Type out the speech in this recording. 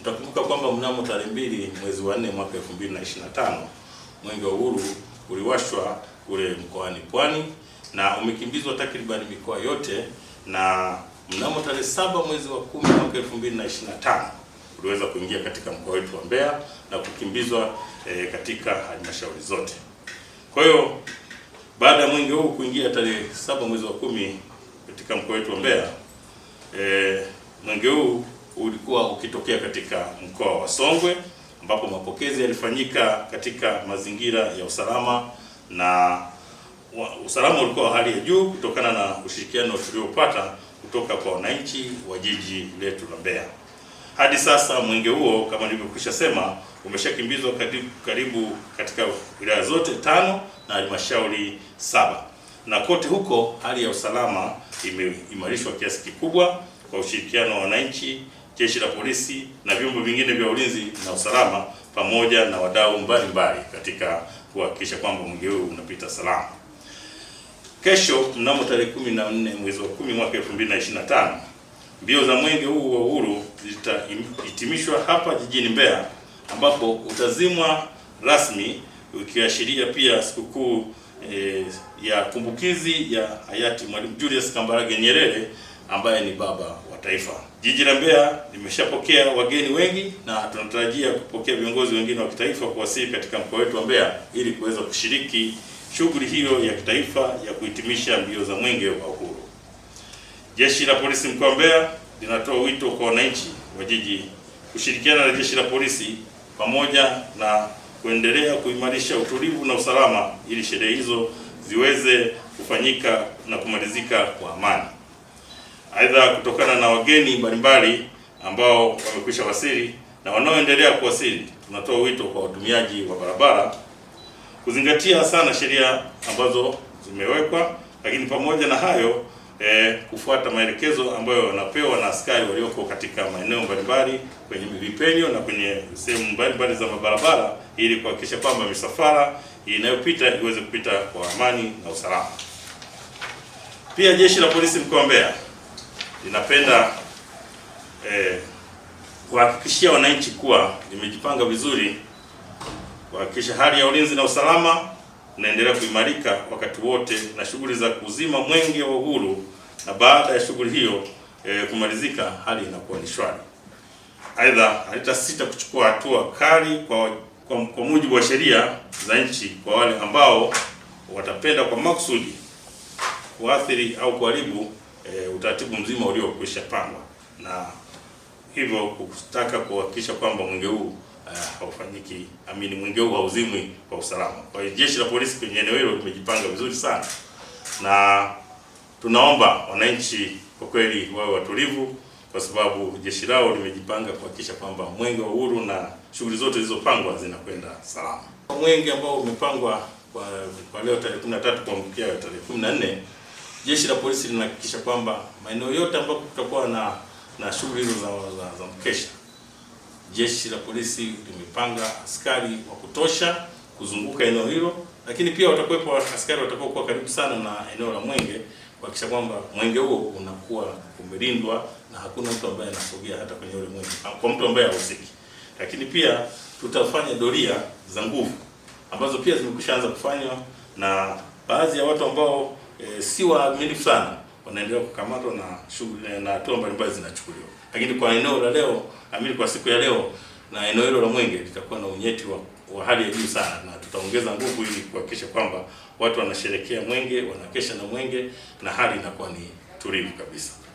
Mtakumbuka kwamba mnamo tarehe mbili mwezi wa nne mwaka 2025 mwenge wa uhuru uliwashwa kule mkoani Pwani na umekimbizwa takribani mikoa yote, na mnamo tarehe saba mwezi wa kumi mwaka 2025 uliweza kuingia katika mkoa wetu wa Mbeya na kukimbizwa e, katika halmashauri zote. Kwa hiyo baada ya mwenge huu kuingia tarehe saba mwezi wa kumi katika mkoa wetu wa Mbeya e, mwenge huu ulikuwa ukitokea katika mkoa wa Songwe ambapo mapokezi yalifanyika katika mazingira ya usalama na usalama ulikuwa wa hali ya juu kutokana na ushirikiano tuliopata kutoka kwa wananchi wa jiji letu la Mbeya. Hadi sasa mwenge huo kama nilivyokwisha sema umeshakimbizwa karibu, karibu katika wilaya zote tano na halmashauri saba, na kote huko hali ya usalama imeimarishwa kiasi kikubwa kwa ushirikiano wa wananchi jeshi la polisi na vyombo vingine vya ulinzi na usalama pamoja na wadau mbalimbali katika kuhakikisha kwamba mwenge huu unapita salama. Kesho mnamo tarehe 14 mwezi wa 10 mwaka 2025 mbio za mwenge huu wa uhuru zitahitimishwa hapa jijini Mbeya, ambapo utazimwa rasmi ukiashiria pia sikukuu e, ya kumbukizi ya hayati Mwalimu Julius Kambarage Nyerere ambaye ni baba wa taifa. Jiji la Mbeya limeshapokea wageni wengi na tunatarajia kupokea viongozi wengine wa kitaifa kuwasili katika mkoa wetu wa Mbeya ili kuweza kushiriki shughuli hiyo ya kitaifa ya kuhitimisha mbio za Mwenge wa Uhuru. Jeshi la Polisi mkoa wa Mbeya linatoa wito kwa wananchi wa jiji kushirikiana na jeshi la polisi pamoja na kuendelea kuimarisha utulivu na usalama ili sherehe hizo ziweze kufanyika na kumalizika kwa amani aidha kutokana na wageni mbalimbali ambao wamekwisha wasili na wanaoendelea kuwasili, tunatoa wito kwa watumiaji wa barabara kuzingatia sana sheria ambazo zimewekwa, lakini pamoja na hayo eh, kufuata maelekezo ambayo wanapewa na askari walioko katika maeneo mbalimbali kwenye vipenyo na kwenye sehemu mbalimbali za mabarabara ili kuhakikisha kwamba misafara inayopita iweze kupita kwa amani na usalama. Pia Jeshi la Polisi mkoa wa Mbeya Ninapenda eh, kuhakikishia wananchi kuwa limejipanga vizuri kuhakikisha hali ya ulinzi na usalama inaendelea kuimarika wakati wote na shughuli za kuzima mwenge wa uhuru, na baada ya shughuli hiyo eh, kumalizika, hali inakuwa ni shwari. Aidha, halitasita kuchukua hatua kali kwa, kwa, kwa mujibu wa sheria za nchi kwa wale ambao watapenda kwa makusudi kuathiri au kuharibu e, utaratibu mzima uliokwisha pangwa na hivyo kutaka kuhakikisha kwamba mwenge huu e, haufanyiki uh, amini mwenge huu hauzimwi kwa usalama. Kwa hiyo jeshi la polisi kwenye eneo hilo limejipanga vizuri sana, na tunaomba wananchi kwa kweli wawe watulivu, kwa sababu jeshi lao limejipanga kuhakikisha kwamba mwenge wa uhuru na shughuli zote zilizopangwa zinakwenda salama. Mwenge ambao umepangwa kwa, kwa leo tarehe 13 kuamkia tarehe 14 jeshi la polisi linahakikisha kwamba maeneo yote ambapo kutakuwa na na shughuli hizo za, za, za mkesha, jeshi la polisi limepanga askari wa kutosha kuzunguka eneo hilo, lakini pia watakuwepo askari watakaokuwa karibu sana na eneo la Mwenge kuhakikisha kwamba mwenge huo unakuwa umelindwa na hakuna mtu ambaye anasogea hata kwenye ule mwenge ah, kwa mtu ambaye hahusiki. Lakini pia tutafanya doria za nguvu ambazo pia zimekwishaanza kufanywa na baadhi ya watu ambao e, si waaminifu sana wanaendelea kukamatwa na shughuli eh, na hatua mbalimbali zinachukuliwa, lakini kwa eneo la leo amini, kwa siku ya leo na eneo hilo la Mwenge litakuwa na unyeti wa, wa hali ya juu sana, na tutaongeza nguvu ili kuhakikisha kwamba watu wanasherekea Mwenge, wanakesha na Mwenge na hali inakuwa ni tulivu kabisa.